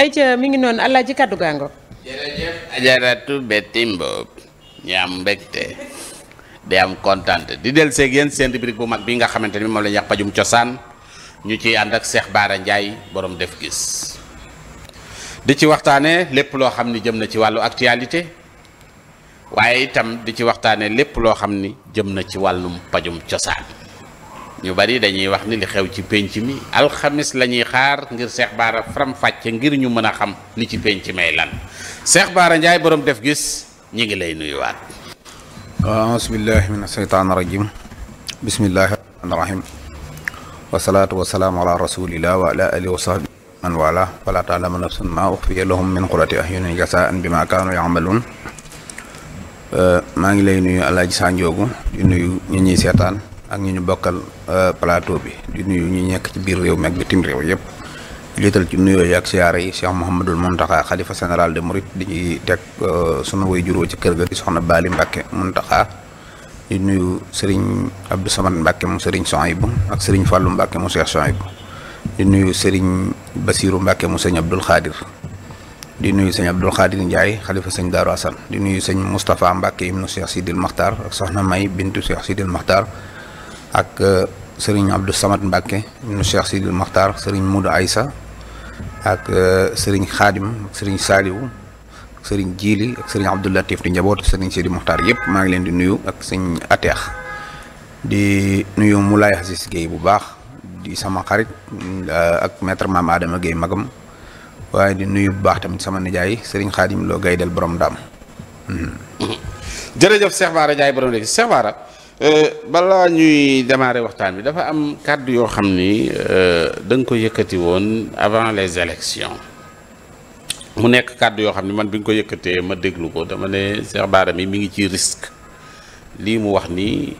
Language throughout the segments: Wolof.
ayca mi ngi noonu allah ci kaddu gàngo jërëjëf ajaratu Betty am mbégte di am kontaan di del seeg yéen seen rubrique bu mag bi nga xamante ni moom la ñuy pajum cosaan ñu ciy ànd ak Cheikh Bara Ndiaye boroom def gis di ci waxtaanee lépp loo xam ni jëm na ci wàllu actualité waaye itam di ci waxtaanee lépp loo xam ni jëm na ci wàllum pajum cosaan ñu bari dañuy wax ni li xew ci pénc mi alxamis la ñuy xaar ngir Cheikh Bara fàcce ngir ñu mën a xam li ci pénc may lan Cheikh Bara Ndiaye borom def gis ñi ngi lay nuyuwaat. aasbillahi min asheytaan rajim bismillahi rahmaan rahim wasalaatu wasalaamu ala rasulillah wa ala alihi wa sahbi man wala fala taalamu nafsun ma uxfiya lahum min qurati jasaan bima kaanu yamaluun maa ngi lay nuyu alaaji Sanjoogu di nuyu ñi ñuy seetaan ak ñu ñu bokkal euh, plateau bi di nuyu ñu nekk ci biir réew mi ak bitim réew yëpp liital ci nuyoo yi ak siyaara yi Cheikh Mouhamadul Mountakha xalifa général de Mouride di ñuy teg euh, sunu way juróo ci kër ga di soxna Baali Mbacke Mountakha di nuyu Serigne Abdou Samad Mbacke mu Serigne Souhaïbou ak Serigne Fallou Mbacke mu Cheikh Souhaïbou di nuyu seriñ Basirou Mbacke mu sëñ Abdoul Khadir di nuyu sëñ Abdoul Khadir Ndiaye xalifa sëñ Darou Assane di nuyu sëñ Moustapha Mbacke ibnu Cheikh Sidil Makhtar ak soxna May bintu Cheikh Sidil Makhtar ak euh, sëriñ Abdou Samad Mbacke ibnu Cheikh Sidil Makhtar sëriñ Moudou Aïssa ak euh, sëriñ Khadim sëriñ Saliou ak sëriñ Jili ak sëriñ Abdou Latif di njaboot sëriñ Sidil Makhtar yëpp maa ngi leen di nuyu ak sëñ Ateex di nuyu Moulay Aziz Guèye bu baax di sama xarit ak maître maam Adama Guèye magam waaye di nuyu bu baax tamit sama nijaay sëriñ Khadim Lo Gaydel borom daam. Hmm. jërëjëf Cheikh Bara borom léegi Cheikh Bara Euh, balaa ñuy démarrer waxtaan bi dafa am kàddu yoo xam ni euh, da nga ko yëkkati woon avant les élections mu nekk kàdd yoo xam ni man bi nga ko yëkkatee ma déglu ko dama ne Cheikh Bara mi mi ngi ci risque lii mu wax nii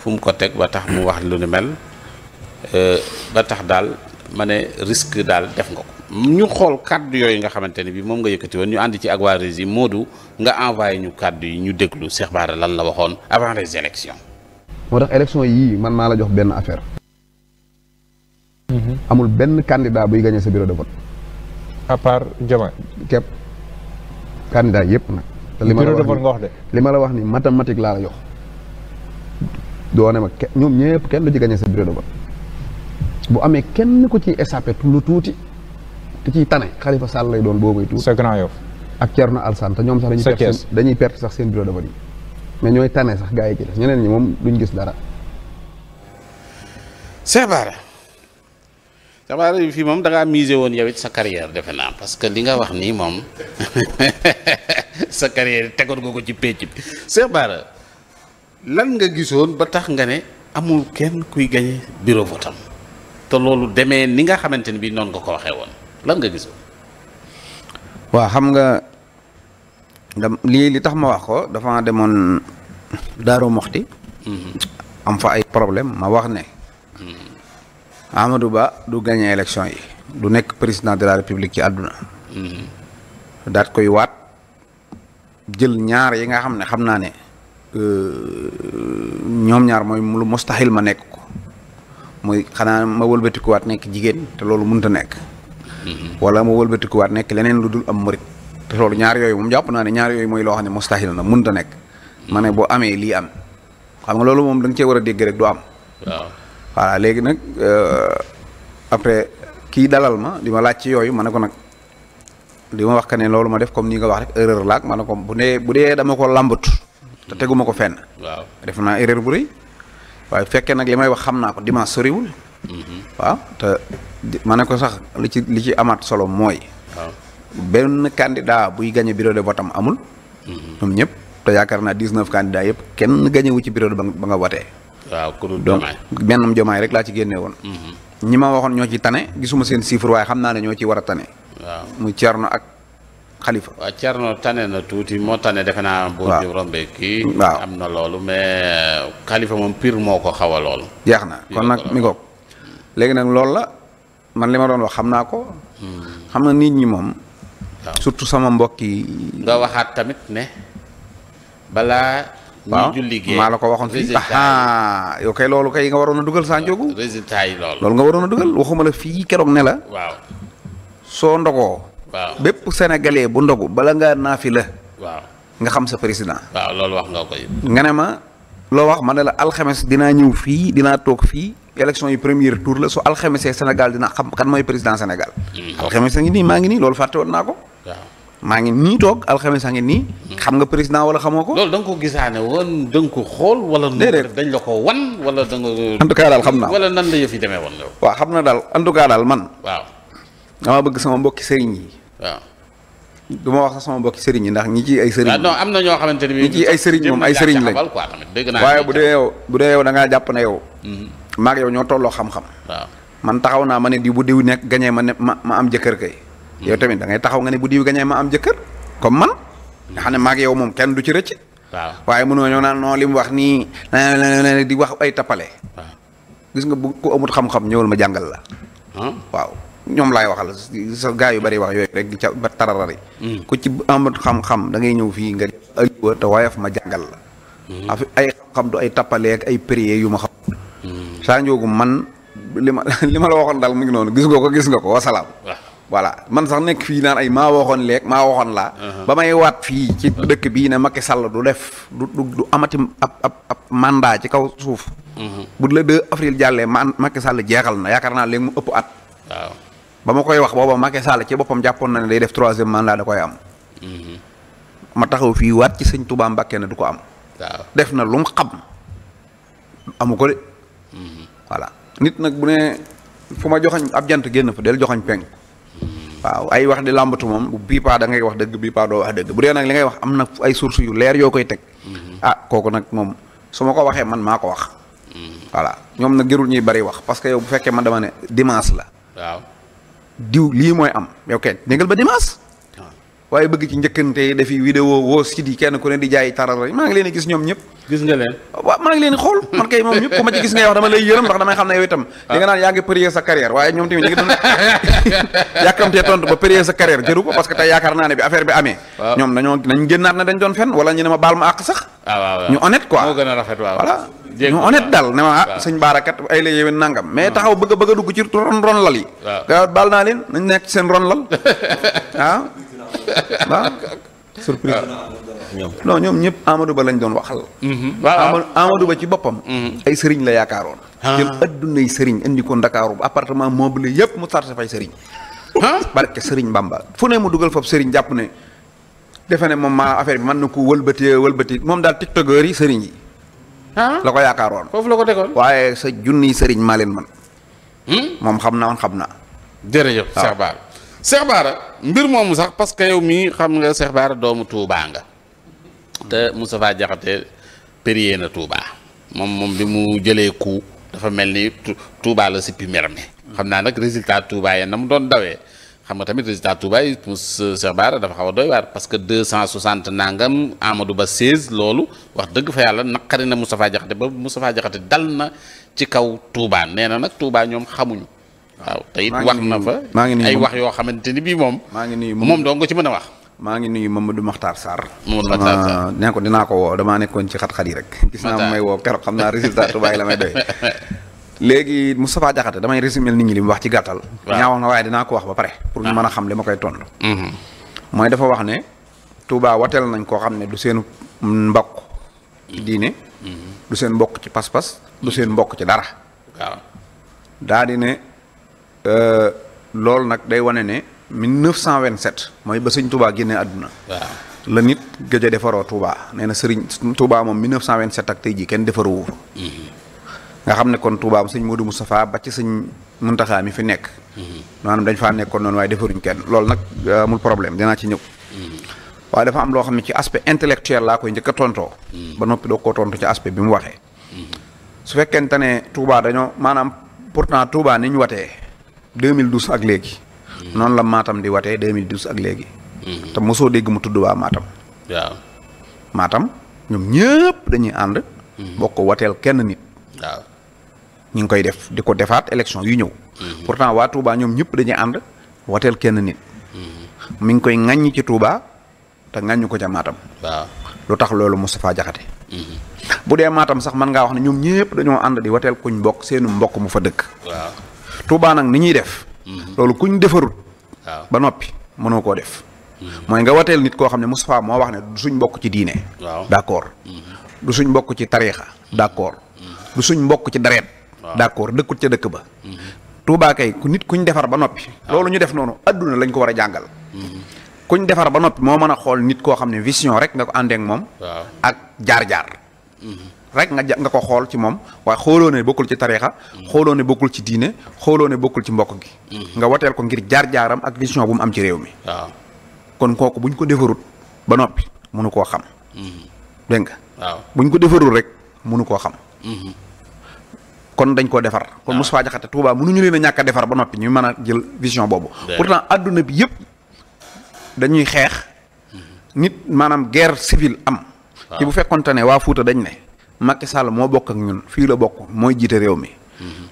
fu mu ko teg ba tax mu wax lu ni mel euh, ba tax daal ma ne risque daal def nga ko ñu xool kàddu yooyu nga xamante ne bi moom nga yëkkati woon ñu ànd ci ak waa moo Modou nga envoyé ñu kàddu yi ñu déglu Cheikh Bara lan la waxoon avant les élections moo tax élection yii man maa la jox benn affaire mhm. amul benn candidat buy gagné sa bureau de vote à part Diomaye képp candidat yëpp nag te li ma la wax de li ma la wax ni mathématique laa la jox doone ma ñoom ñëpp kenn du ci gagné sa bureau de vote bu amee kenn ko ci échappé lu tuuti te ci tane Khalifa Sall lay doon boobu tuuti. sa Grand Yoff ak Thierno Alassane te ñoom sax dañuy perte seen dañuy perte sax seen bureau de vote yi mais ñooy tane sax gaa yi ci des ñi moom duñ gis dara. Cheikh Bara Cheikh Bara fii moom da ngaa woon yow it sa carrière defe naa parce que li nga wax nii moom sa carrière tegoon nga ko ci pécc bi Cheikh Bara lan nga gisoon ba tax nga ne amul kenn kuy gañe bureau votam te loolu demee ni nga xamante ni bii noonu nga ko waxee woon lan nga gis. waaw xam nga lii li tax ma wax ko dafa demoon Daaru Moxti. Mm-hmm. am fa ay problème ma wax ne. Mm-hmm. Amadou Ba du gagné élection yi. du nekk président de la république ci àdduna. Mm-hmm. daat koy waat jël ñaar yi nga xam ne xam naa ne euh, ñoom ñaar mooy lu mustaxil ma nekk ko. muy xanaa ma wëlbatikuwaat nekk jigéen te loolu mënut a nekk. wala ma wëlbatikuwaat nekk leneen lu dul am murit te loolu ñaar yooyu moom jàpp naa ne ñaar yooyu mooy loo xam ne mustahil na mënut a nekk. ma ne boo amee lii am xam nga loolu moom da nga cee war a dégg rek du am. waaw léegi nag euh, après kii dalal ma di ma laaj ci yooyu ma ne ko nag di ma wax que ne loolu ma def comme ni nga wax rek erreur laak ma ne ko bu nee bu dee dama ko lambatu. te teguma ko fenn. waaw def naa erreur bu rëy. waaye fekkee nag li may wax xam naa ko dimaa soriwul. Mhm. waaw te ma ne ko sax li ci li ci amaat solo mooy. benn candidat buy gagné bureau de vote amul. Mhm. ñoom ñëpp te yaakaar naa dix neuf candidats yëpp kenn gagné ci bureau de ba nga watee waaw ku dul Diomaye donc benn Diomaye rek laa ci génne woon. Mhm. ñi ma waxoon ñoo ci tane gisuma seen chiffre waaye xam naa ne ñoo ci war a tane. waaw muy ak. xalifa. waaw Thierno na tuuti moo defe naa. waaw boo ñu rombee am na loolu mais xalifa euh, moom piir moo ko xaw a lool. jeex na kon nag mi ngoog hmm. léegi nag loolu la man li ma doon wax xam naa ko. Hmm. xam na nit ñi moom. surtout sama mbokk yi. nga waxaat tamit ne balaa. waaw maa la ko waxoon fii ah yow kay loolu kay nga waroon a dugal saa njóogu. résultat yi loolu. loolu nga waroon a dugal waxuma la fii keroog ne la. waaw soo ndogoo. waaw bépp sénégalais bu ndogu bala ngaa naafi la. waaw nga xam sa président. waaw loolu wax nga ko nga ne ma loo wax ma ne la alxames dinaa ñëw fii dinaa toog fii. élection yi premier tour la su alxamesee Sénégal dina xam kan mooy président Sénégal. Mm, alxames a ngi nii maa ngi nii loolu fàtte woon ko. maa ngi nii toog alxames a ngi nii. Mm. xam nga président wala xamoo ko. loolu da nga ko gisaane woon da ko xool. wala dañ la ko wan wala da nga. en xam naa wala nan la yëf demee woon. waaw xam na daal en daal man. waaw. dama bëgg sama mbokki sëriñ yi. waaw. du ma wax sax sama mbokki sëriñ yi ndax ñi ci ay sëriñ non am na ñoo xamante ni ñi ci ay sëriñ moom ay sëriñ lañ waaye bu dee yow bu dee yow da ngaa jàpp na yow mhm. maag yow ñoo tolloo xam-xam man taxaw naa ma ne di bu diw nekk gañee ma ne ma ma am jëkkër kay mhm. yow tamit da ngay taxaw nga ne bu diw gañee ma am jëkkër comme man nga xam ne maag yow moom kenn du ci rëcc waaye mënoo ñoo naan non li mu wax nii di wax ay tappale gis nga bu ku amut xam-xam ñëwal ma jàngal la waaw ñoom laay waxal sa gaa yu bari wax yooyu rek di ca ba tararari hmm. ku ci amat xam-xam ñëw fii nga aliwa te ma jàngal la hmm. af ay ay tappaleeg yu ma xam hmm. saa man li ma ma la waxoon daal mu ngi gis nga ko gis nga ko wasalaam voilà man sax nekk fii naan ay maa waxoon leeg maa waxoon laa uh-huh. ba may fii ci dëkk bii ne Macky Sall du def du amati ab ab ab ci kaw suuf bu la 2 avril jàllee ma Macky Sall jeexal na yaakaar naa leen mu ëpp at waaw ba ma koy wax booba Macky Sall ci boppam jàppoon na ne day def troisième mandat da koy am. Mhm. ma taxaw fii waat ci sëñ Touba Mbacké ne du ko am. def na lu mu xam amu ko de. Mhm. voilà nit nag bu ne fu ma joxoñ ab jant génn fa del joxañ penk. Mhm. waaw ay wax di làmbatu moom bu bii paa da wax dëgg bii paa doo wax dëgg bu dee nag li ngay wax am na ay sources yu leer yoo koy teg. ah kooku nag moom su ma ko waxee man maa ko wax. voilà ñoom nag gërul ñuy bari wax parce que yow bu fekkee man dama ne dimanche la. waaw diw lii mooy am yow kenn négal ba dimanche waaye bëgg ci njëkkante defi vidéo woo site yi kenn ku ne di jaay taral rek maa ngi leen gis ñoom ñëpp gis nga leen waaw maa ngi leen di xool man kay moom ah. ñoom tamit que yaakaar naa ne bi affaire bi amee ñoom dañoo nañ génnaat ne dañ doon fen wala ñu ne ma baal ah, a ne ma ah sëñ baarakat ay la yéwén nangam mais hmm. taxaw bëgg a bëgg a dugg ci ron ron lal yi baal naa leen nañ nekk seen ron lal waaw ah. waaw surprise doo ñoom ñëpp Amadou Ba lañ doon waxal. Mm-hmm. waaw Amadou Ba ci boppam. Mm-hmm. ay sëriñ la yaakaaroon. Ah. jël addunay sëriñ indi ko Ndakaaru appartement meublé yëpp mu sarta fay sëriñ. Ah. barke sëriñ mbamba fu ne mu dugal foofu sëriñ jàpp ne. defe ne moom maa affaire bi mën na ko wëlbatee wëlbati moom daal tiktokeur yi sëriñ yi. Ah. la ko yaakaaroon. foofu la ko tegoon waaye sa junniy sëriñ maa leen man hmm? moom xam naa woon xam naa. jërëjëf Cheikh mbir moomu sax parce que yow mii xam nga Cheikh Bara doomu Touba nga te Moustapha Diakhaté périer na Touba moom moom bi mu jëlee ku dafa mel ni Touba la sippi mer mi xam naa nag résultat Touba yi na mu doon dawee xam nga tamit résultat Touba yi mu Cheikh dafa xaw a doy waar parce que deux cent soixante nangam Amadou Ba seize loolu wax dëgg fa yàlla naqari na Moustapha Diakhaté ba Moustapha Diakhaté dal na ci kaw Touba nee na nag tuubaa ñoom xamuñu waaw te it wax na fa. maa ay wax yoo xamante ni bii moom. moom doo nga ci mën a wax. maa ngi nuyu Mamadou Makhtar Sarr. Mamadou Makhtar Sarr ah, nee ko dinaa ko woo damaa nekkoon ci xat-xat yi rek. gis naa may woo keroog xam naa résultat tubaay la may doy. léegi Moustapha Diakhaté damay résumé nit ñi li mu wax ci gàttal. ñaawoon na waaye wax ba pare. pour ñu ah. mën a xam li ma koy tontu. Mm-hmm. mooy wax ne. Touba wateel nañ koo xam ne du seen mbokk ci diine. Mm-hmm. du seen mbokk ci pas-pas. du seen mbokk ci dara. waaw daa di ne. Euh, loolu nag day wane ne 1927 mooy ba sëñ Touba génnee àdduna. la nit gëj a defaroo Touba nee na sëriñ Touba moom 1927 ak tey jii kenn defaroo fa. Mm-hmm. nga xam ne kon Touba sëñ Modou Moustapha ba ci sëñ Muntaxa mi fi nekk. Mm-hmm. maanaam dañ faa nekkoon noonu waaye defaruñ kenn loolu nag euh, amul problème dinaa ci ñëw. Mm-hmm. waaye dafa am loo xam ne ci aspect intellectuel laa koy njëkk a tontoo. ba noppi doo ko tontu ci aspect bi mu waxee. su fekkente ne Touba dañoo maanaam pourtant Touba ni ñu watee. 2012 ak léegi. noonu la maatam di watee 2012 ak léegi. te mosoo dégg mu tudd waa maatam waaw ñoom ñëpp dañuy ànd. bokk wateel kenn nit. waaw ñu ngi koy def di ko defaat élection yu ñëw. Mhm. pourtant waa Touba ñoom ñëpp dañuy ànd wateel kenn nit. Mhm. mi ngi koy ŋaññi ci tuuba te ŋaññu ko ca Matam. lu tax loolu Moustapha Diakhaté. Mhm. bu dee maatam sax man ngaa wax ne ñoom ñëpp dañoo ànd di wateel kuñ bokk seenu mbokk mu fa dëkk. Touba nag ni ñuy def. Mhm. loolu kuñ defarut. waaw ba noppi mënoo koo def. Mhm. mooy nga wateel nit koo xam ne Moustapha moo wax ne du suñ mbokk ci diine. waaw d' accord. Mhm. du suñ mbokk ci tariixa. d' suñ mbokk ci dareet. waaw d' accord dëkkut ca dëkk ba. Touba kay ku nit kuñ defar ba noppi. loolu ñu def noonu àdduna lañ ko war a jàngal. kuñ defar ba noppi moo mën a xool nit koo xam ne vision rek nga ko àndeek moom. ak jaar jaar. rek nga nga ko xool ci moom waaye xooloo ne bokkul ci tariixa xooloo ne bokkul ci diine xooloo ne bokkul ci mbokk gi mm-hmm. nga wateel ko ngir jaar-jaaram ak vision bu mu am ci réew mi waaw kon kooku buñ ko defarut ba noppi mënu koo xam mm-hmm. dégg nga buñ ko defarul rek mënu koo xam mm-hmm. kon dañ koo defar kon Moustapha Diakhaté Touba mënuñu leen a ñàkk defar ba noppi ñu mën a jël vision boobu pourtant àdduna bi yépp dañuy xeex nit maanaam guerre civile am ci bu fekkonte ne waa Fuuta dañ ne Macky Sall moo bokk ak ñun fii la bokk mooy jiite réew mi.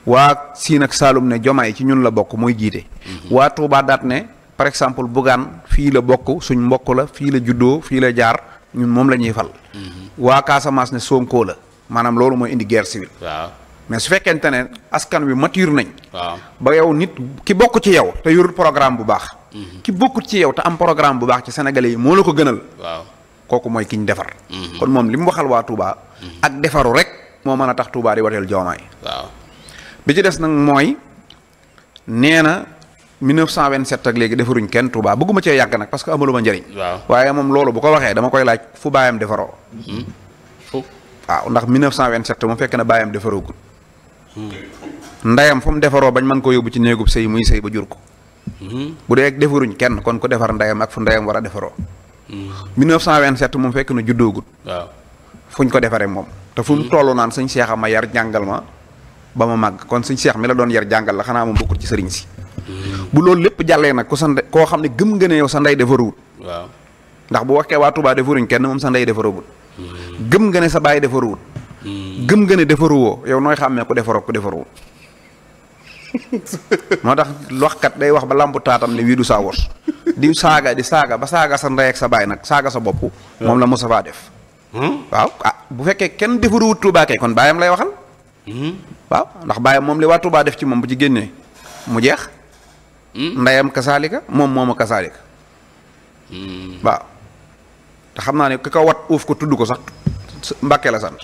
waa Siin ak Saalum ne Jomaay ci ñun la bokk mooy jiite. waa Touba daat ne par exemple Bougane fii la bokk suñ mbokk la fii la juddoo fii la jaar ñun moom la ñuy fal. waa Casamance ne Sonko la maanaam loolu mooy indi guerre civile. mais su fekkente ne askan wi mature nañ. ba yow nit ki bokk ci yow te yorul programme bu baax. Mhm. ki bokkut ci yow te am programme bu baax ci sénégalais yi moo la ko gënal. waaw kooku mooy ki ñu defar. Mhm. kon moom li mu waxal waa Touba. Mhm. ak defaru rek moo mën a tax Touba di wateel Diomaye. waaw bi ci des nag mooy nee na 1927 ak léegi defaruñ kenn Touba bëgguma cee yàgg nag parce que amaluma njëriñ. waaw waaye moom loolu bu ko waxee dama koy laaj fu baayam defaroo. Mhm. fu waaw ndax 1927 moom fekk na baayam defaroogul. ndeyam fu mu defaroo bañ mën koo yóbbu ci néegub sëy muy sëy ba jur ko. bu dee defaruñ kenn kon ko defar ndeyam ak fu war a defaroo. 1927 moom fekk na juddoogut. waaw fuñ ko defaree moom. te fu mu hmm. toll naan sëñ Cheikh ma yar jàngal ma ba ma màgg kon suñ Cheikh mi la doon yar jàngal la xanaa moom bokkul ci sëriñ si. Hmm. bu loolu lépp jàllee nag ku sa koo xam ne gëm nga ne yow sa ndey defaruwut. ndax bu waxee waa Touba defaruñ kenn moom sa ndey defaruwut. Hmm. gëm nga ne sa baay defaruwut. gëm nga ne defaruwoo yow nooy xàmmee ku defaroo ku defaruwut. moo tax waxkat day wax ba làmbu taatam ne wi du saa di saaga di saaga ba saaga sa ndey sa baay nag saaga sa bopp. moom la Moustapha def. Hmm? waaw ah bu fekkee kenn defaruwut Touba kay kon baayam lay waxal. Hmm? waaw ndax baayam moom li waa Touba def ci moom bu ci génnee mu jeex. Hmm? ndeyam kasaalika moom mooma kasaalika. waaw te xam naa ne ku kawat wat uuf ko tudd ko sax Mbàkke la sant.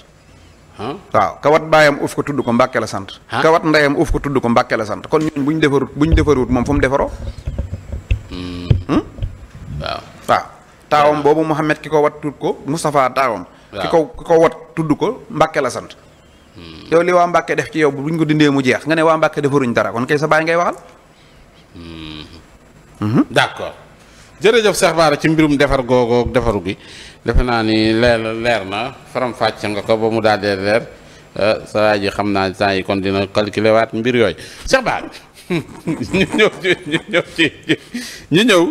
waaw kawat baayam uuf ko tudd ko mbàkke la sant kawat ndeyam uuf ko tudd ko mbàkke la sant kon ñun bu defarut bu ñu defarut moom fu mu defaroo waaw waaw taawam boobu Mouhamed ki ko wat tudd ko Moustapha taawam ki ko ki ko wat tudd ko Mbàkke la sant hmm. yow li waa Mbàkke def ci yow buñ ko dindee mu jeex nga ne waa Mbàkke defaruñ dara kon kay sa baay ngay waxal hmm. mhm. d'accord jërëjëf Cheikh ci mbirum defar googu defaru gi defe naa ni leer leer na faram fàcc nga ko ba mu daal di leer eh, sa waay xam naa temps yi kon dina calculer waat mbir yooyu Cheikh ñu ñëw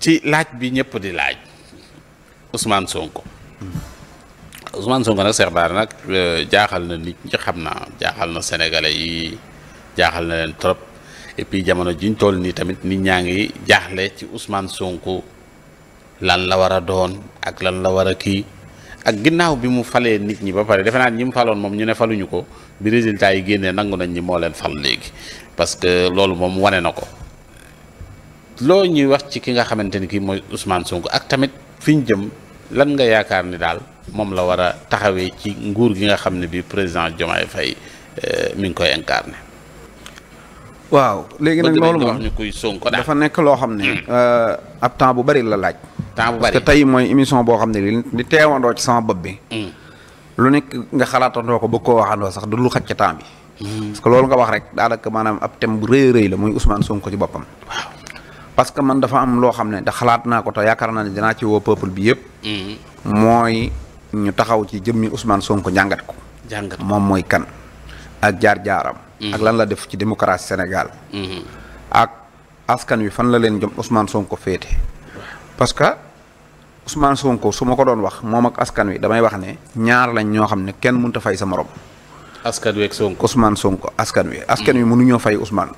ci laaj bi ñëpp di laaj Ousmane Sonko Ousmane Sonko nag Cheikh Bara nag euh, jaaxal na nit ñi xam naa jaaxal na sénégalais yi jaaxal na leen trop et puis jamono jiñ toll nii tamit nit ñaa ngi jaaxle ci Ousmane Sonko lan la war a doon ak lan la war a kii ak ginnaaw bi mu falee nit ñi ba pare defe naa ñi mu faloon moom ñu ne faluñu ko bi résultat yi génnee nangu nañ ñi moo leen fal léegi parce que loolu moom wane na ko. loo ñuy wax ci ki nga xamante ni kii mooy Ousmane Sonko ak tamit fi ñu jëm lan nga yaakaar ni daal moom la war a taxawee ci nguur gi nga xam ne bii président Diomaye Faye euh, mi ngi koy incarné. waaw léegi nag loolu moom ñu koy Sonko dafa nekk loo xam ne. Hmm. Euh, ab temps bu bari la laaj. temps bu bari tey mooy émission boo xam ne li li teewandoo ci sama bopp bi. Hmm. lu nekk nga xalaatandoo ko bëgg koo waxandoo sax du lu xaj ca temps bi. Hmm. parce que loolu nga wax rek daanaka maanaam ab thème bu rëy rëy la muy usmaan Sonko ci boppam. parce que man dafa am loo xam ne da xalaat naa ko te yaakaar naa ne dinaa ci woo peuple bi yëpp. Mm-hmm. mooy ñu taxaw ci jëmmi Ousmane Sonko jàngat ko. jàngat moom mooy kan. ak jaar-jaaram. Mm-hmm. ak lan la def ci démocratie Sénégal. Mm-hmm. ak askan wi fan la leen jëm Ousmane Sonko féete. parce que Ousmane Sonko su ma ko doon wax moom ak askan wi damay wax ne ñaar lañ ñoo xam ne kenn mënut a fay sa morom. askan wi ak Sonko Ousmane Sonko askan wi. askan wi mënuñoo fay Ousmane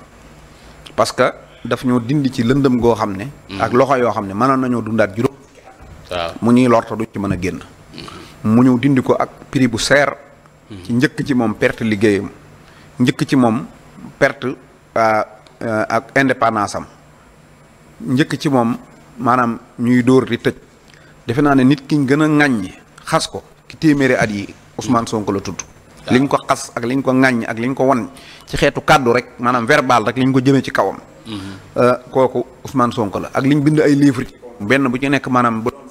daf ñoo dindi ci lëndam goo xam ne. Mm-hmm. ak loxo yoo xam ne mënoon nañoo dundaat juróom. mu ñuy lorta duñ ci mën a génn. Mm-hmm. mu ñëw dindi ko ak prix bu seer. Mm-hmm. ci njëkk ci moom perte liggéeyam njëkk ci moom perte euh, euh, ak indépendance am njëkk ci moom maanaam ñuy dóor di tëj defe naa ne nit ki gën a ŋàññi xas ko ki téeméeri at yi Ousmane sonk la tudd. li ñu ko xas ak li ñu ko ŋàññ ak li ñu ko wan ci xeetu kàddu rek maanaam verbal rek li ñu ko jëmee ci kawam. Euh, kooku Ousmane sonk la ak liñ bind ay livre ci benn bu ci nekk maanaam bu doon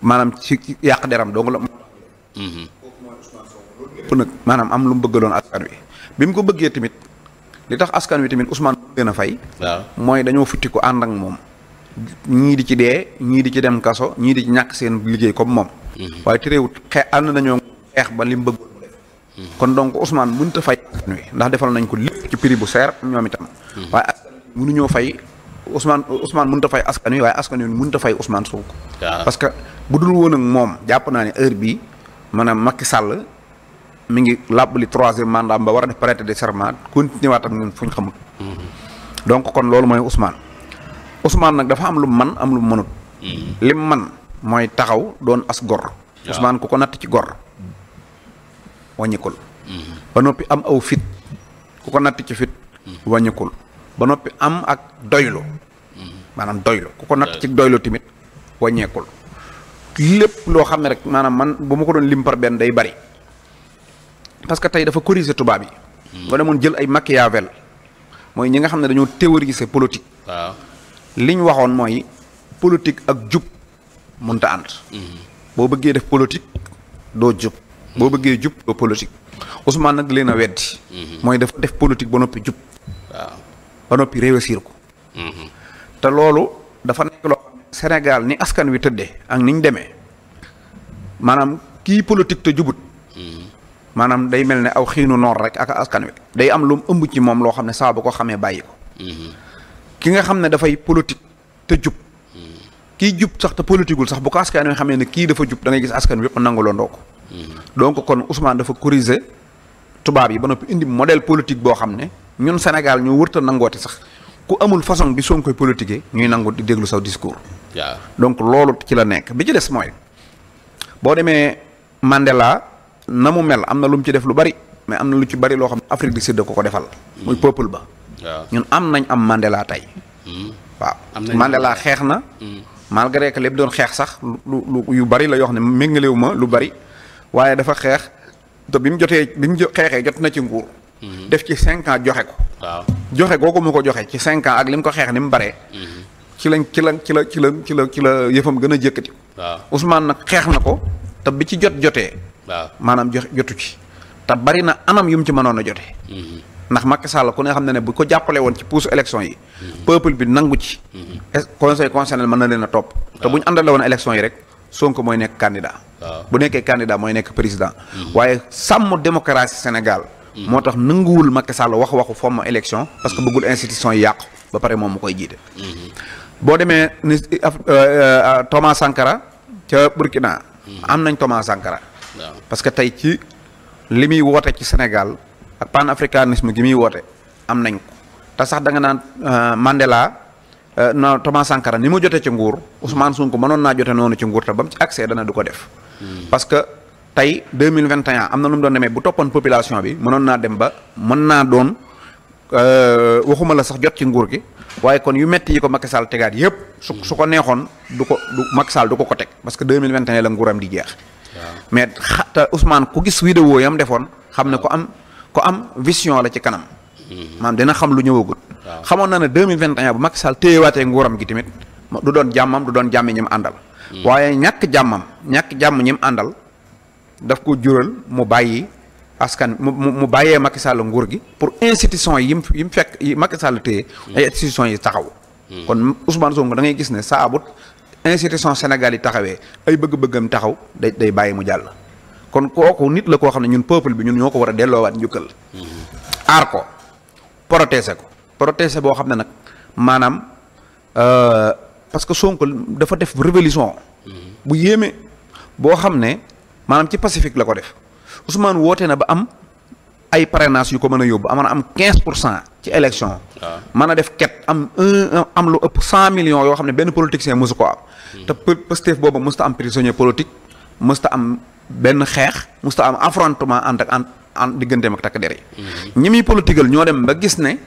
maanaam ci yàq deram dong la lépp nag maanaam am lu mu bëggaloon askan wi bi mu ko bëggee tamit li tax askan wi tamit Ousmane gën a fay mooy dañoo futti ko ànd ak moom ñii di ci dee ñii di ci dem kaso ñii di ci ñàkk seen liggéey comme moom mhm. waaye terewut xe ànd nañoo xeex ba li mu bëggoon mhm. kon donc Ousmane mënut te fay ndax defal nañ ko lépp ci prix bu seer ñoom itam Mhm. waaye askan wi mënuñoo fay Ousmane Ousmane mënut a fay askan wi waaye askan wi mënut a fay Ousmane Sonko. parce que bu dul woon ak moom jàpp naa ne heure bii maanaam makki sàll mu ngi làbbali troisième mandat ba war a def prêter de serment continué waat ak ñun fu ñu xamul. Mhm. donc kon loolu mooy usmaan Ousmane nag dafa am lu man am lu mu mënut. Mhm. lim man mooy taxaw doon as gor. Ousmane ku ko natt ci gor wàññikul. ba noppi am aw fit ku ko natt ci fit wàññikul. ba noppi am ak doylu maanaam doylu ku ko natt ci doylu tamit wàññeekul lépp loo xam ne rek maanaam man bu ma ko doon lim par benn day bari parce que tey dafa corriger tubaab yi nga hmm. demoon jël ay Machiavel mooy ñi nga xam ne dañoo théoriser politique waaw waxoon mooy politique ak jub mënta ànd hmm. boo bëggee def politique doo jub boo bëggee jub doo politique Ousmane nag leen a weddi hmm. mooy dafa def politique ba noppi jub ba noppi réussir ko. Mm-hmm. te loolu dafa nekk loo xam ne Sénégal ni askan wi tëdde ak ni ñu demee maanaam kii politique te jubut. Mm-hmm. maanaam day mel ne aw xiinu noor rek ak askan wi. day am lu mu ëmb ci moom loo xam ne saa bu ko xamee bàyyi ko. Mm-hmm. ki nga xam ne dafay politique te jub. kii jub sax te politiqueul sax bu ko askan wi xamee ne kii dafa jub dangay gis askan wi yëpp nangulandoo ko. donc kon Ousmane dafa corriger tubaab yi ba noppi indi model politique boo xam ne. ñun senegal ñu wërta nangooti sax ku amul façon bi Sonkoy politiquer ñuy nangu di déglu saw discours. waaw donc loolu ci la nekk bi ci des mooy boo demee Mandela na mu mel am na lu mu ci def lu bari mais am na lu ci bari loo xam ne Afrique du Sud ko ko defal. Mm. muy peuple ba. ñun am nañ am Mandela tey. Mm. waaw Mandela xeex na. Mm. malgré que lépp doon xeex sax lu lu yu bari la yoo xam ne méngalewu ma lu bari waaye dafa xeex te bi mu jotee bi mu xeexee jot na ci nguur. Mhm. def ci cinq joxe ko. waaw joxe googu mu ko joxe ci cinq ak li mu ko xeex ni mu bare mhm. ci lañ ci la ci la ci la ci la ci la yëfam gën a jëkkati. waaw Ousmane nag xeex na ko te bi ci jot jotee. maanaam joxe jotu ci. te bari na anam yu mu ci mënoon a jotee. Mhm. ndax Macky Sall ku ne xam ne ne bu ko jàppale woon ci puusu élection yi. peuple bi nangu ci. conseil constitutionnel mën na leen a topp. te bu ñu àndale yi rek Sonko mooy nekk candidat. bu nekkee candidat mooy nekk président. waaye sàmm démocratie Sénégal. Mm. moo tax nanguwul Macky Sall wax waxu fomm élection parce que mm. bëggul institution yi yàqu ba pare moom mu koy jiite mm-hmm. boo demee ni euh, euh, Thomas sànkara ca Burkina mm-hmm. am nañ Thomas sànkara parce que tey ci li muy woote ci Sénégal ak panafricanisme gi muy woote am nañ te sax da nga naan euh, Mandela non Thomas Sankara ni mu jote ci nguur Ousmane Sonko mënoon naa jote noonu ci nguur te ba mu ci accès dana du ko def mm. parce tey deux mille vingt et am na nu mu doon demee bu toppoon population bi mënoon naa dem ba mën naa doon euh, waxuma la sax jot ci nguur gi waaye kon yu metti yi ko Macky Sall tegaat yëpp su su ko neexoon du ko du mag Sall du ko ko teg parce que deux mille vingt la nguuram di jeex. mais xata Ousmane ku gis yam defoon xam ne ko am ko am vision la ci kanam. maanaam hmm. dina xam lu ñëwagut. xamoon na ne deux mille vingt et un bu Macky Sall gi tamit du doon jàmmam du doon jàmmi ñi àndal. Hmm. waaye ñàkk jàmmam ñàkk jàmm ñi àndal. daf ko jural mu bàyyi askan mu mu bàyyee Macky Sall nguur gi pour institution yi mu yi mu fekk yi Macky Sall téye ay institution yi taxaw hmm. kon Ousmane Sonko da ngay gis ne saa bu institution Sénégal yi taxawee ay bëgg-bëggam taxaw day day bàyyi mu jàll kon kooku nit la koo xam ne ñun peuple bi ñun ñoo ko war a delloowaat njukkal hmm. aar ko protéger ko protéger boo xam ne nag maanaam euh, parce que Sonko dafa def révolution hmm. bu yéeme boo xam ne maanaam ci Pacifique la ko def Ousmane wootee na ba am ay parrainage yu ko mën a yóbbu amana am 15 pour cent ci élection ah. mën a def ket am un am lu ëpp cent millions yoo xam ne benn politicien mosu ko am hmm. te Pastef boobu mosu am prisonnier politique mosu ta am benn xeex mosu am affrontement ànd ak ànd diggante ak takk der yi hmm. ñi muy politigal ñoo dem ba gis ne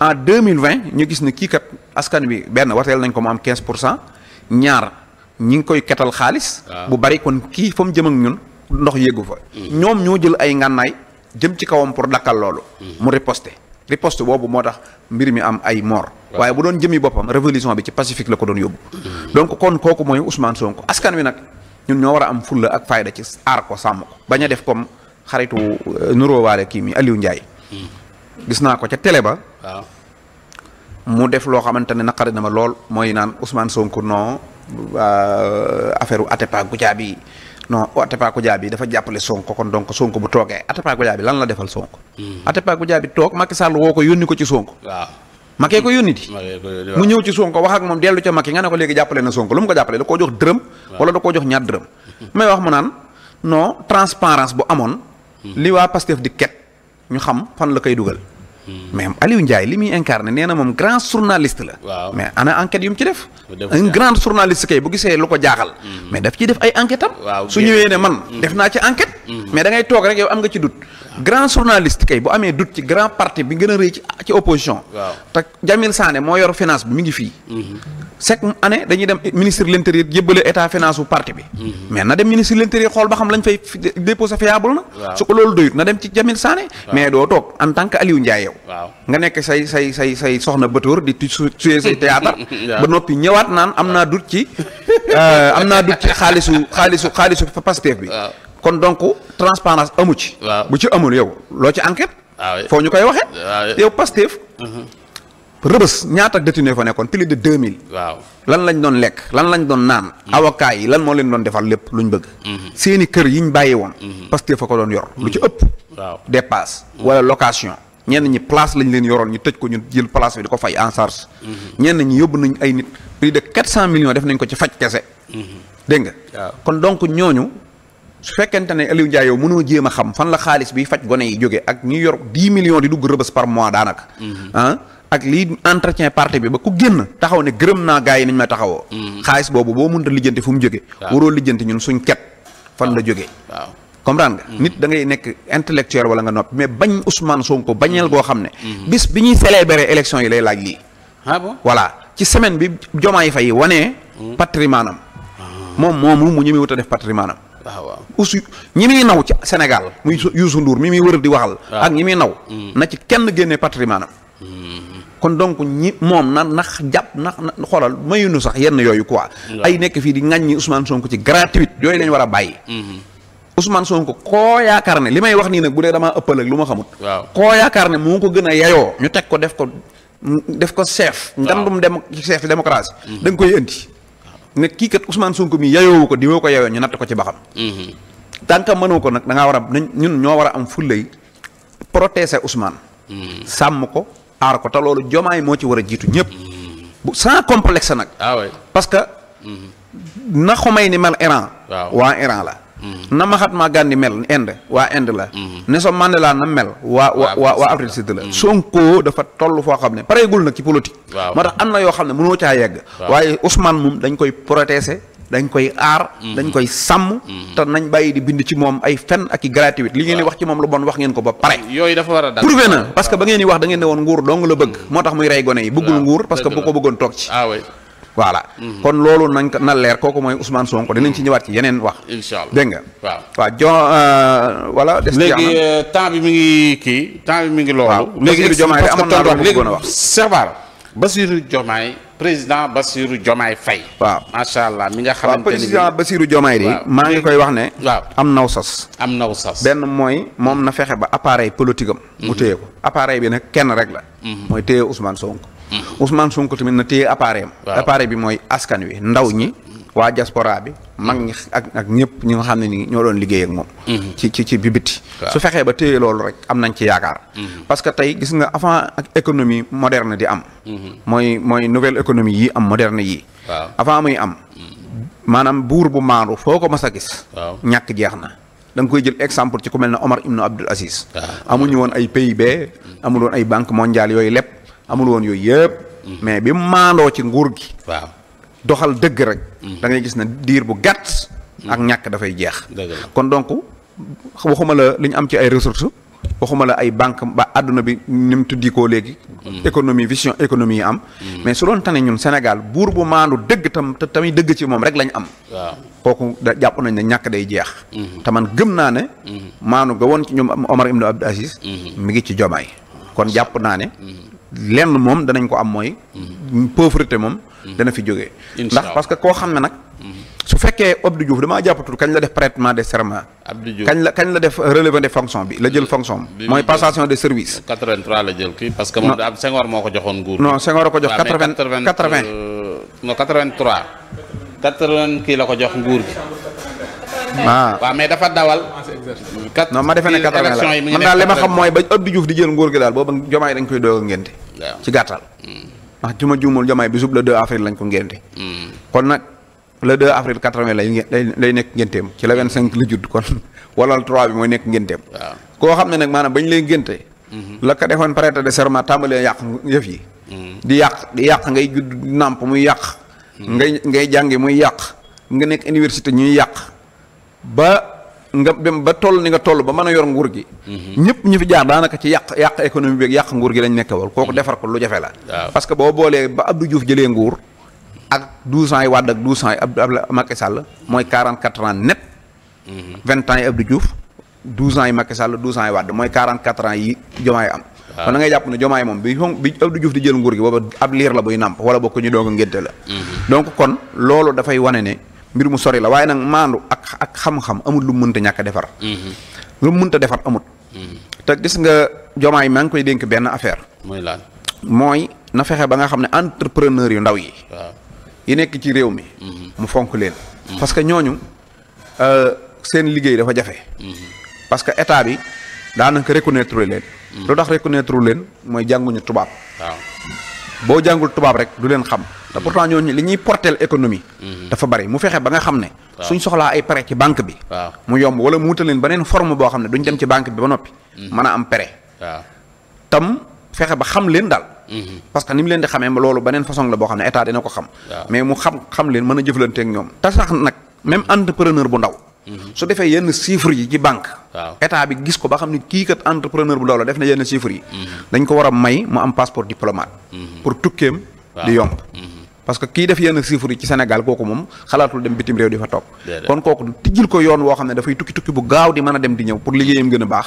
en 2020 ñu gis ne kii kat askan bi benn wateel nañ ko mu am 15 pour cent ñaar ñi ngi koy ketal xaalis. bu bari kon kii fa mu jëm ñun ndox yéegu fa. Mm-hmm. ñoom ñoo jël ay ngànnaay jëm ci kawam pour dakkal loolu. Mm-hmm. mu riposte riposte boobu moo tax mbir mi am ay moor. waaye bu doon jëmi boppam révolution bi ci pacifique la ko doon yóbbu. Mm-hmm. donc kon kooku mooy Ousmane Sonko askan wi nag ñun ñoo war a am fulla ak fayda ci aar ko sàmm ko bañ a def kom xaritu euh, nuróowaale kii mi Aliou Ndiaye. gis naa ko ca télé ba. mu def loo xamante ne naqari na ma lool mooy naan Ousmane Sonko non. Euh, affaire u Atepa Goudiaby non oh, Atepa Goudiaby dafa jàppale sonk kon donc sonk bu toogee Atepa Goudiaby lan la defal sonk Sonko. Mhm. Atepa Goudiaby toog Macky Sall woo ko yónni ko ci Sonko. waaw Macky ko yónni di. mu ñëw ci sonk wax ak moom dellu ca Macky nga ne ko léegi jàppale na Sonko lu mu ko jàppale da koo jox dërëm. wala da koo jox ñaar dërëm. may wax mu naan non transparence bu amoon. Mhm. li waa Pastef di ket ñu xam fan la koy dugal. mais Aliou Ndiaye li muy incarné nee na moom grand journaliste la. waaw mais ana enquête yu mu ci def. un grand journaliste kay bu gisee lu ko jaaxal. Mm. mais daf ciy def ay enquête am. su ñëwee ne man. Mm. def naa ci enquête. Mm. mais dangay toog rek yow am nga ci doute. grand journaliste kay bu amee doute ci grand parti bi gën a rëy ci ci opposition. waaw te Jamil saane moo yor finance bi mi ngi fii. Mm-hmm. chaque année dañuy dem ministre de l'intérieur jébbale état finance bu parti bi. Mhm. mais na dem ministre de l'intérieur xool ba xam lañ fay déposé fiable na. su ko loolu doyut na dem ci Jamil Sané. mais doo toog en tant que Aliou Ndiaye yow. nga nekk say say say say soxna bëtóor di su suyee say théâtre ba noppi ñëwaat naan am naa dut ci euh, am naa dut ci xaalisu xaalisu xaalisu Pastef bi. kon donc transparence amu ci. bu ci amul yow loo ci enquête. Ah foo ñu koy waxee. Ah yow Pastef. Mhm. rëbës ñaata détenu fa nekkoon plus de 2000. waaw lan lañ doon lekk lan lañ doon naan. Hmm. avocat yi lan moo leen doon defal lépp luñ bëgg. Hmm. seen i kër yi ñu bàyyi woon. Hmm. parce que fa ko doon yor. lu ci ëpp. waaw dépasse. wala location. ñenn ñi place lañ leen yoroon ñu tëj ko ñu jël place bi di ko fay en charge. ñenn ñi yóbbu nañ ay nit plus de 400 millions def nañ ko ci faj kese. dégg nga. kon donc ñooñu. su fekkente ne Aliou Ndiaye yow mënoo jéem a xam fan la xaalis bi faj gone yi jóge ak ñi yor 10 millions di dugg rëbës par mois daanaka. Ah? ak lii entretien parti bi ba ku génn taxaw ne gërëm naa gars yi nañ ma taxawoo. Mm-hmm. xaalis boobu boo mënta lijjanti fu mu jóge waroo lijjanti ñun suñ ket fan la jógee. waaw nga. Mm-hmm. nit da ngay nekk intellectuel wala nga noppi mais bañ soo ko bañeel goo xam ne. Mm-hmm. bis bi ñuy célébrer élection yi lay laaj lii. ah voilà ci semaine bi Jomaay Faye wane. patrimoine am. Ah. moom moomu mu ñemewut a def patrimoine am. Ah, waaw aussi ñi muy naw ci Sénégal muy Youssou Ndour mi muy wër di waxal. ak ñi muy naw. na ci kenn génnee patrimoine am. kon donc ñi moom na nax jàpp na xoolal nu sax yenn yooyu quoi. ay nekk fii di ŋàññi Ousmane Sonko ci gratuite yooyu lañ war a bàyyi. Mhm. Ousmane sonk ko yaakaar ne li may wax nii nag bu dee damaa ëppal ak lu ma xamut. waaw koo yaakaar ne moo ko gën a yayoo ñu teg ko def ko def ko chef. waaw ngandum dem chef de démocratie. Mhm. da nga koy indi. ne kii kat Ousmane Sonko mi yayoowu ko di woo ko yayoo ñu natt ko ci baxam. Mhm. tant que mënoo ko nag da war a ñun ñoo war a am fullay protéger Ousmane. sàmm ko. aar ko te loolu yi moo ci war a jiitu ñëpp. bu sans complexe nag. ah parce que. na xumay ni mel Iran. waa Iran la. Mhm. na Mahatma Gandhi mel Inde waa Inde la. Mhm. Nelson Mandela na mel. waa waa waa Afrique du la. Mhm. Sonko dafa toll foo xam ne pareegul nag ci politique. moo tax am na yoo xam ne mënoo caa yegg. waaye Ousmane moom dañ koy protéger. dañ koy aar. Mhm. dañ koy sàmm. Mhm. te nañ bàyyi di bind ci moom ay fen ak i gratuit li ngeen wax ci moom lu bon wax ngeen ko ba pare. yooyu dafa war a dal que ba ngeen di wax da ngeen ne woon nguur dong la bëgg. Mhm. moo tax muy rey gone yi bëggul nguur parce bu ko bëggoon toog ci. Ah, voilà kon loolu nañ ko na leer kooku mooy Ousmane Sonko dinañ ci ñëwaat ci yeneen wax. incha allah dégg nga. waaw waaw jo euh, voilà. des léegi euh, temps bi mu ngi kii temps bi mi ngi loolu. léegi Bassirou Diomaye amoon naa lu mu a wax Cheikh président Bassirou Diomaye Faye. waaw macha allah mi nga. xamante ni président Bassirou de. maa ngi koy wax ne. waaw am naw sas. am naw sas benn mooy moom na fexe ba appareil politique am. mu mhm. téye ko appareil bi nag kenn rek la. Mhm. mooy téye Ousmane Sonko. Mhm. Ousmane Sonko tamit na téye appareil am. appareil bi mooy askan wi ndaw ñi. waa diaspora bi mag ak ak ñëpp ñi nga xam ne nii ñoo doon liggéey ak moom mhm. ci ci ci bi biti su fexee ba téye loolu rek am nañ ci yaakaar mhm. parce que tey gis nga avant ak économie moderne di am mhm. mooy mooy nouvelle économie yi am moderne yi waaw avant muy am maanaam buur bu maandu foo ko mas a gis ñàkk jeex na da koy jël exemple ci ku mel ne Omar Ibn Abdul ah, ah. amuñu woon ay PIB amul woon ay banque mondiale yooyu lépp amul woon yooyu yëpp mais bi maandoo ci nguur gi doxal dëgg rek. Mhm. da ngay gis ne diir bu gàtt. Mhm. ak ñàkk dafay jeex. kon donc waxuma la li ñu am ci ay ressources. waxuma la ay banque ba àdduna bi ni mu koo léegi. Mhm. économie vision économie yi am. mais su doon tane ñun Sénégal buur bu maandu dëgg tam te tamit dëgg ci moom rek lañ am. kooku jàpp nañ ne ñàkk day jeex. te man gëm naa ne. maandu ga woon ci ñoom Omar Ibn Abdou Aziz. mi ngi ci jomaay. kon jàpp naa ne. lenn moom danañ ko am mooy. pauvreté moom. Mm-hmm. dana fi jógee ndax parce que koo xam ne nag mm-hmm. su fekkee Abdou Diouf damaa jàppatul kañ la def prêtement de serment Abdou Diouf kañ la kañ la def relevé de fonction bi la jël fonction mooy passation de service 83 la jël kii parce que moom da Senghor moo ko joxoon nguur non Senghor a ko jox 80 80 euh, non 83 80 kii la ko jox nguur gi ah. mais dafa dawal. kat non ma defe ne quatre élection yi man daal li ma xam mooy ba Abdou Diouf di jël nguur gi daal booba jomaay dañ koy doog a ngénte. ci gàttal. Mm. ndax su ma juumul jamaay bisub le 2 avril lañ ko ngénte kon nag le 2 avril 80 lay lay nekk ngénteem ci la 25 la judd kon wala le 3 bi mooy nekk ngénteem koo xam ne nag maanaam bañ lay ngénte mhm. la ko defoon prêter de serment tàmbalee yàq yëf yi mhm. di yàq di yàq ngay judd nàmp muy yàq mhm. ngay ngay jàngi muy yàq nga nekk université ñuy yàq ba nga dem ba toll ni nga toll ba mën a yor nguur gi mhm. ñëpp ñu fi jaar daanaka ci yàq yàq économie beeg yàq nguur gi lañ nekk wal kooku mhm. defar ko lu jafe parce que boo boolee ba Abdou jëlee nguur ak douze ans yi Wade ak douze ans yi Abdou mooy quarante quatre ans net mhm. vingt ans yi Abdou Diouf douze ans yi Macky Sall douze ans yi mooy quarante quatre ans yi Diomaye am kon da moom bi bi Abdou Diouf di jël nguur gi booba ab liir la buy nàmp wala bokk ñu doog a ngénte la donc kon loolu dafay wane ne mbir mu sori la waaye nag maandu ak ak xam-xam amul lu mënta ñàkk defar mhm. lu mënta defar amut mhm. te gis nga yi maa ngi koy dénk benn affaire mooy lan mooy na fexe ba nga xam ne entrepreneur yu ndaw yi yi nekk ci réew mi mhm. mu fonk leen parce que ñooñu euh, seen liggéey dafa jafe parce que état bi daanaka reconnaître leen lu tax reconnaître leen mooy jànguñu tubaab waaw boo jàngul tubaab rek du leen xam te pourtant ñooñu li ñuy porteel économie mhm. dafa bari mu fexe ba nga xam ne suñ soxlaa ay prêt ci banque bi mu yomb wala mu wutal leen beneen forme boo xam ne duñ dem ci banque bi ba noppi mhm. mën a am prêt tam fexe ba xam leen daal mhm. parce que ni mu leen di xamee loolu beneen façon la boo xam ne état dina ko xam mais mu xam xam leen mën a jëflante ak ñoom te sax nag même entrepreneur bu ndaw Mhm. su defee yenn chiffres yi ci banque. état bi gis ko ba xam ni kii kat entrepreneur bu loolu def na yenn chiffres yi. Mhm. dañ ko war a may mu am passeport diplomate. Mhm. pour tukkeem di yomb. parce que kii def yenn chiffres yi ci Sénégal kooku moom xalaatul dem bitim réew di fa toog. kon kooku tijjil ko yoon woo xam ne dafay tukki tukki bu gaaw di mën a dem di ñëw pour liggéeyam gën a baax.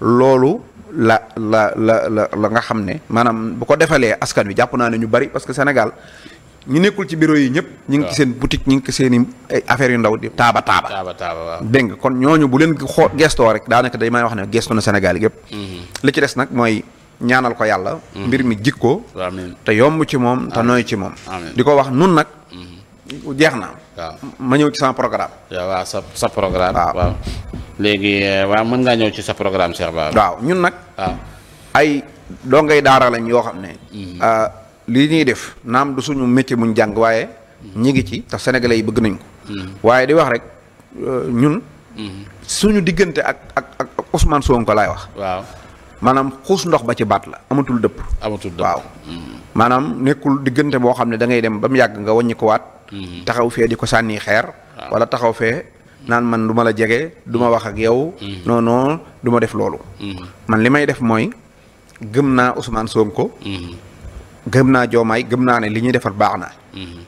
loolu la la la la la nga xam ne. maanaam bu ko defalee askan wi jàpp naa ne ñu bari parce que Sénégal ñu nekkul ci biro yi ñëpp. ñu ngi ci seen boutique ñu ngi ci seen affaire ay yu ndaw di. taaba taaba taaba taaba waaw. nga kon ñooñu bu leen xoo gestoo rek daanaka day may wax ne gestu na Sénégal yëpp. Mhm. li ci des nag mooy ñaanal ko yàlla. Mhm. mbir mi jikko. te yomb ci moom te nooy ci moom. di ko wax nun nag. Mhm. jeex na. ma ñëw ci sama programme. waaw sa sa programme. waaw léegi eh, waaw mën ngaa ñëw ci sa programme Cheikh Bara. ñun nag. waaw ay dongay daara lañ yoo xam ne. Ah, lii ñuy def naam du suñu métier muñ jàng waaye ñi ngi ci tax sénégalais yi bëgg nañ ko mm-hmm. waaye di wax rek euh, ñun mm-hmm. suñu diggante ak ak ak Ousmane Sonko laay wax waaw maanaam xuus ndox ba ci baat la amatul dëpp amatul dëpp waaw mm-hmm. maanaam nekkul diggante boo xam ne da ngay dem ba mu yàgg nga wàññi ko waat taxaw fee di ko sànni xeer wala taxaw fee naan man du la jege duma wax ak yow non non du def loolu man li may def mooy gëm naa Ousmane Sonko gëm naa joomaay gëm naa ne li ñuy defar baax na. Mhm.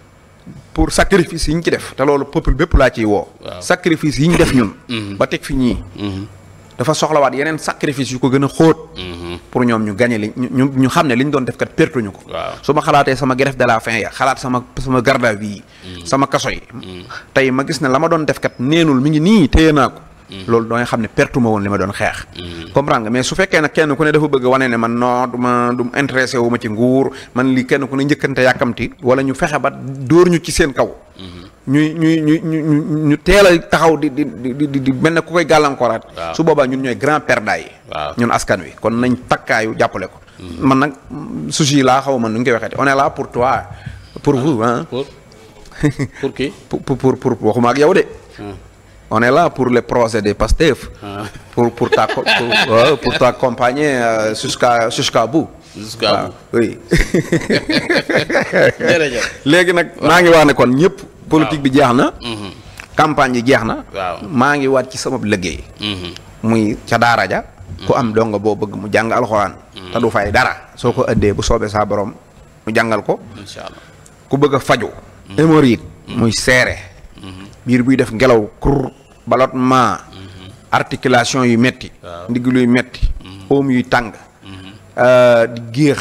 pour sacrifice yi ñu ci def te loolu peuple bépp laa ciy woo. sacrifice yi ñu def ñun. Mhm. ba teg fi ñii. Mhm. dafa soxlawaat yeneen sacrifice yu ko gën a xóot. pour ñoom ñu gagné li ñu ñu xam ne li ñu doon def kat pertuñu ko. su ma xalaatee sama grève de la fin ya xalaat sama sama garda bii sama kaso yi. tey ma gis ne la ma doon def kat neenul mu ngi nii téye naa ko. loolu dooy xam ne pertu ma woon li ma doon xeex comprendre nga mais su fekkee nag kenn ku ne dafa bëgg wane ne man noo du ma du ma intéressé ci nguur man li kenn ku ne njëkkante yàkkamti wala ñu fexe ba dóor ñu ci seen kaw ñuy ñuy ñu ñu ñu teel a taxaw di di di di mel ne ku koy gàllankooraat su boobaa ñun ñooy grand perda yi ñun askan wi kon nañ takkaayu jàppale ko man nag suji laa xaw man nu ñu koy waxeete on est pour toit pour vous ah pour qui pour pour pour waxuma ak yow de on est pour les projets des PASTEF. Ah. Pour, pour, ta, pour, euh, pour t'accompagner euh, jusqu'à jusqu'à bout. léegi nag maa ngi wax ne kon ñëpp. politique bi jeex na. Mhm. campagne yi jeex na. maa ngi waat ci sama liggéey. Mhm. muy ca daara ja ku am mhm. donga boo bëgg mu jàng alxuraan. te du fay dara. soo ko ëddee bu soobee saa borom mu jàngal ko. incha allah ku bëgg a faju hémorroïde muy seere. biir buy def ngelaw kur ballottement articulation yu metti ndiglu yu metti mm-hmm. oom yuy tàng mm-hmm. euh, di géex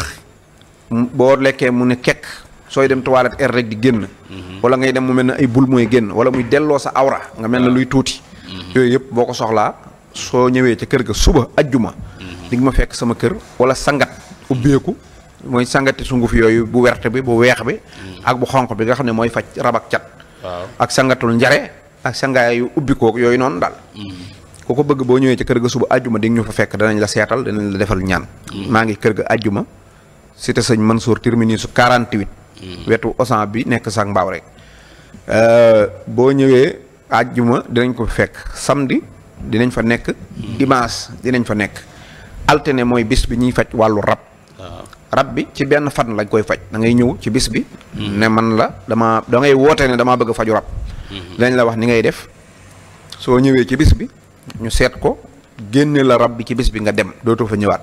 boo lekkee mu ne kekk sooy dem toilette air er rek di génn mm-hmm. wala ngay dem mu mel ne ay bul mooy génn wala muy delloo sa awra nga mel ne luy tuuti yooyu yëpp boo ko soxlaa soo ñëwee ca kër ga suba ajjuma di ma fekk sama kër wala sangat ubbeeku mooy sangati sunguf yooyu bu werte bi bu weex bi ak bu xonq bi nga xam ne mooy faj rabak cat ak sangatul njare ak sangaayu ubbi kook yooyu noonu daal mm. ku ko bëgg boo ñëwee ci kër ga suba àjjuma di nga ñu fa fekk danañ la seetal danañ la defal ñaan mm. maa ngi kër ga àjjuma cité sëñ Mansour terminus 48 mm. wetu osan bi nekk sax mbaaw rek euh, boo ñëwee àjjuma danañ ko fekk samdi dinañ fa nekk dimanche dinañ fa nekk altine mooy bis bi ñuy faj wàllu rab rab bi ci benn fan lañ koy faj da ngay ñëw ci bis bi. ne man la dama da ngay woote ne damaa bëgg a faju rab. lañ la wax ni ngay def soo ñëwee ci bis bi ñu seet ko génne la rab bi ci bis bi nga dem dootu fa ñëwaat.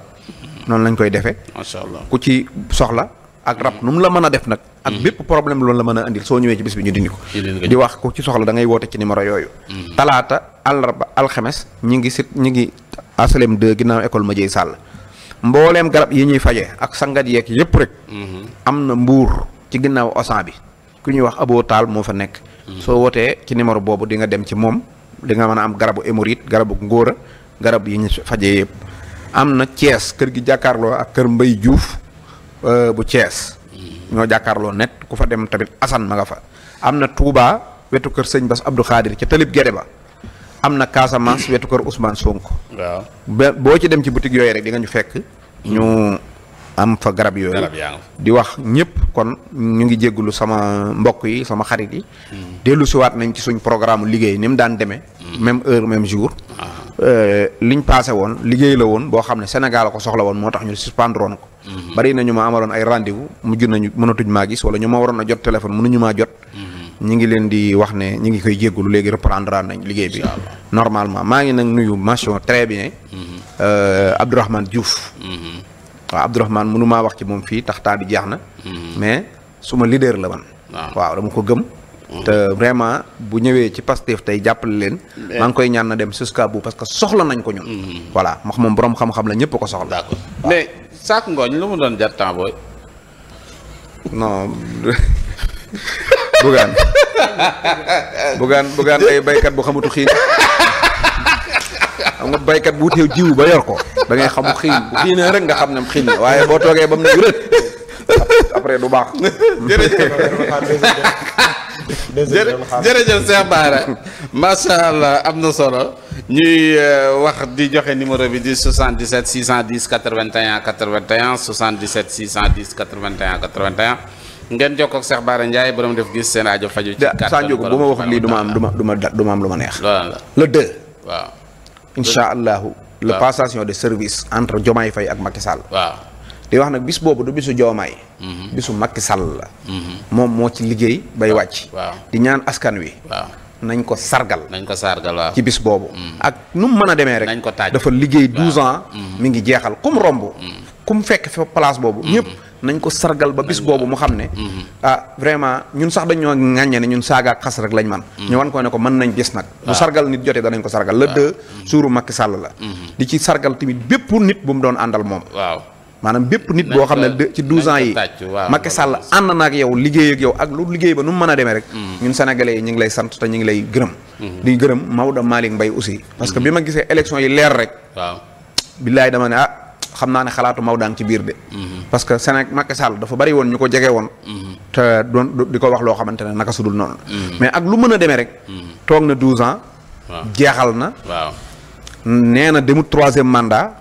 noonu lañ koy defee. macha allah ku ci soxla. ak rab nu mu la mën a def nag. ak mm-hmm. bépp problème loolu la mën a indil soo ñëwee ci bis bi ñu dindi ko. di wax ko ci soxla da ngay woote ci numéro yooyu. Mm-hmm. talaata àllarba alxemes ñi ngi sit ñi ngi asalem 2 ginnaaw école Madieye Sall. mbooleem garab yi ñuy faje ak sangat yeeg yëpp rek mhm. am na mbuur ci ginnaaw osan bi ku ñuy wax aboo taal moo fa nekk mhm. soo wootee ci numéro boobu di nga dem ci moom di nga mën a am garabu émorite garabu ngóora garab yi ñu fajee yëpp am na Thiès kër gi jàkkaarloo ak kër Mbay Juuf euh, bu cees mhm. ñoo jàkkaarloo net ku fa dem tamit Assane ma nga fa am na Touba wetu kër sëñ Bass Abdou Khadir ca Talib Guédé ba am na Casamance wetu kër Ousmane Sonko waaw boo ci dem ci boutique yooyu rek di fekk ñu am fa garab yooyu di wax ñëpp kon ñu ngi jégglu sama mbokk yi sama xarit yi hmm. dellu siwaat nañ ci suñ programme liggéey ni mu daan demee hmm. même heure même jour ah. euh, liñ passé woon liggéey la woon boo xam ne Sénégal ko soxla woon moo tax ñu suspendroon ko hmm. bari na ñu ma amaloon ay rendez-vous mujj nañu mënatuñ maa gis wala ñu ma waroon a jot téléphone mënuñu maa jot ñu ngi leen di wax ne ñu ngi koy jéggulu léegi reprendre nañ liggéey bi normalement maa ngi nag nuyu mention très bien mhm. euh, Abdourahmane Diouf mhm. waaw Abdourahmane mënu maa wax ci moom fii tax taa bi jeex na mhm. mais suma lider la man waaw dama ko gëm te vraiment bu ñëwee ci Pastef tey jàppale leen maa ngi koy ñaan na dem jusqu'à bout parce que soxla nañ ko ñun voilà max moom boroom xam-xam la ñëpp ko soxla d'accord mais saak ngooñ lu mu doon jar temps bugaan bugaan bugaan day baykat bu xamatu xiin xam nga baykat bu wuteew ba yor ko da ngay xamu xiin rek nga xam ne xiin waaye boo toogee ba mu ne wérét après du baax. jërëjëf Cheikh Bara macha allah am na solo ñuy euh, wax di joxe numéro bi di 77 610 81 81 77 610 81 81 ngeen jokkoo ak Cheikh Bara Ndiaye borom def gis seen aajo faju ci kàttan Sanjogu bu ma waxoon lii du ma am du ma du ma du ma am lu ma neex. la deux. waaw incha allahu. le passation de service entre Diomaye fay ak Macky Sall. waaw di wax nag bis boobu du bisu Diomaye. Mhm. bisu Macky Sall la. Mhm. moom moo ci liggéey bay wàcc. di ñaan askan wi. nañ ko sargal. nañ ko sargal waaw ci bis boobu. Mhm. ak nu mu mën a demee rek. nañ ko taaj dafa liggéey douze ans. mi ngi jeexal kum romb. kum fekk fa place boobu ñëpp. nañ ko sargal ba bis boobu mu xam ne mhm. ah vraiment ñun sax dañ ñoo ŋàññe ne ñun saaga ak xas rek lañ man mhm. ñu wan ko ne ko mën nañ bis nag bu ah. sargal nit jotee danañ ko sargal la ah. deux mhm. suuru Macky Sall la di ci sargal tamit bépp nit bu mu doon àndal moom waaw maanaam bépp nit boo xam ne ci 12 ans yi Macky Sall ànd na ak yow liggéey ak yow ak lu liggéey ba nu mu mën a demee rek ñun sénégalais yi ñu ngi lay sant te ñu ngi lay gërëm di gërëm Maodo Malick Mbaye aussi parce que bi ma gisee élection yi leer rek xam naa ne xalaatu daang ci biir de. Mhm. parce que Sénégal Macky Sall dafa bari woon ñu ko jege woon. Mhm. te doon di ko wax loo xamante ne naka su dul noonu. Mhm. mais ak lu mën a demee rek. toog na 12 ans. jeexal na. waaw nee na demut troisième mandat.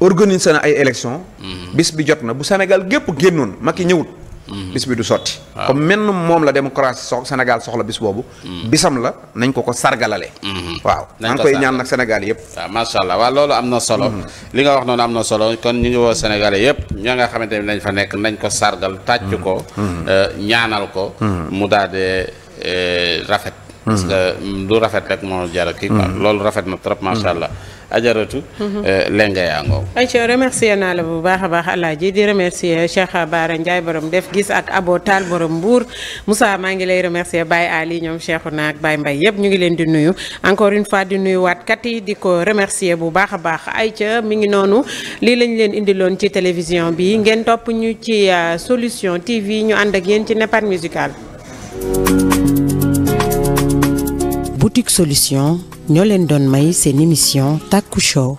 organisé na ay élections. bis bi jot na bu Sénégal gépp génnoon Macky ñëwut. Mhm. bis bi du sotti comme menn moom la démocratie sox Sénégal soxla bis boobu mhm. bisam la nañ ko ko sargalale mhm. waaw maa ngi koy ñaan nag Sénégal yëpp waaw macha allah waaw loolu am na solo li nga wax noonu am na solo kon ñu ngi woo Sénégalais yëpp ña nga xamante ne nañ fa nekk nañ ko sargal tàcc ko euh, ñaanal ko mu daal euh, rafet parce que mm, lu rafet rek moo jar kii loolu rafet na trop macha allah ajaratu. Mhm. Eh, lenga yaa ngoow. ayca remercier naa la bu baax a baax Alaaji di remercier Cheikh Baara Ndiaye borom def gis ak Abo Tall mbuur musaa maa ngi lay remercier Baye Ali ñoom Cheikhouna ak baay mbay yëpp ñu ngi leen di nuyu encore une fois di nuyu waat kat yi di ko remercier bu baax a baax ayca mi ngi noonu lii lañ leen indiloon ci télévision bi ngeen topp ñu ci euh, solution TV ñu ànd ak yéen ci Nepad musical. TIC Solution ñoo leen doon may seen émission Taku Show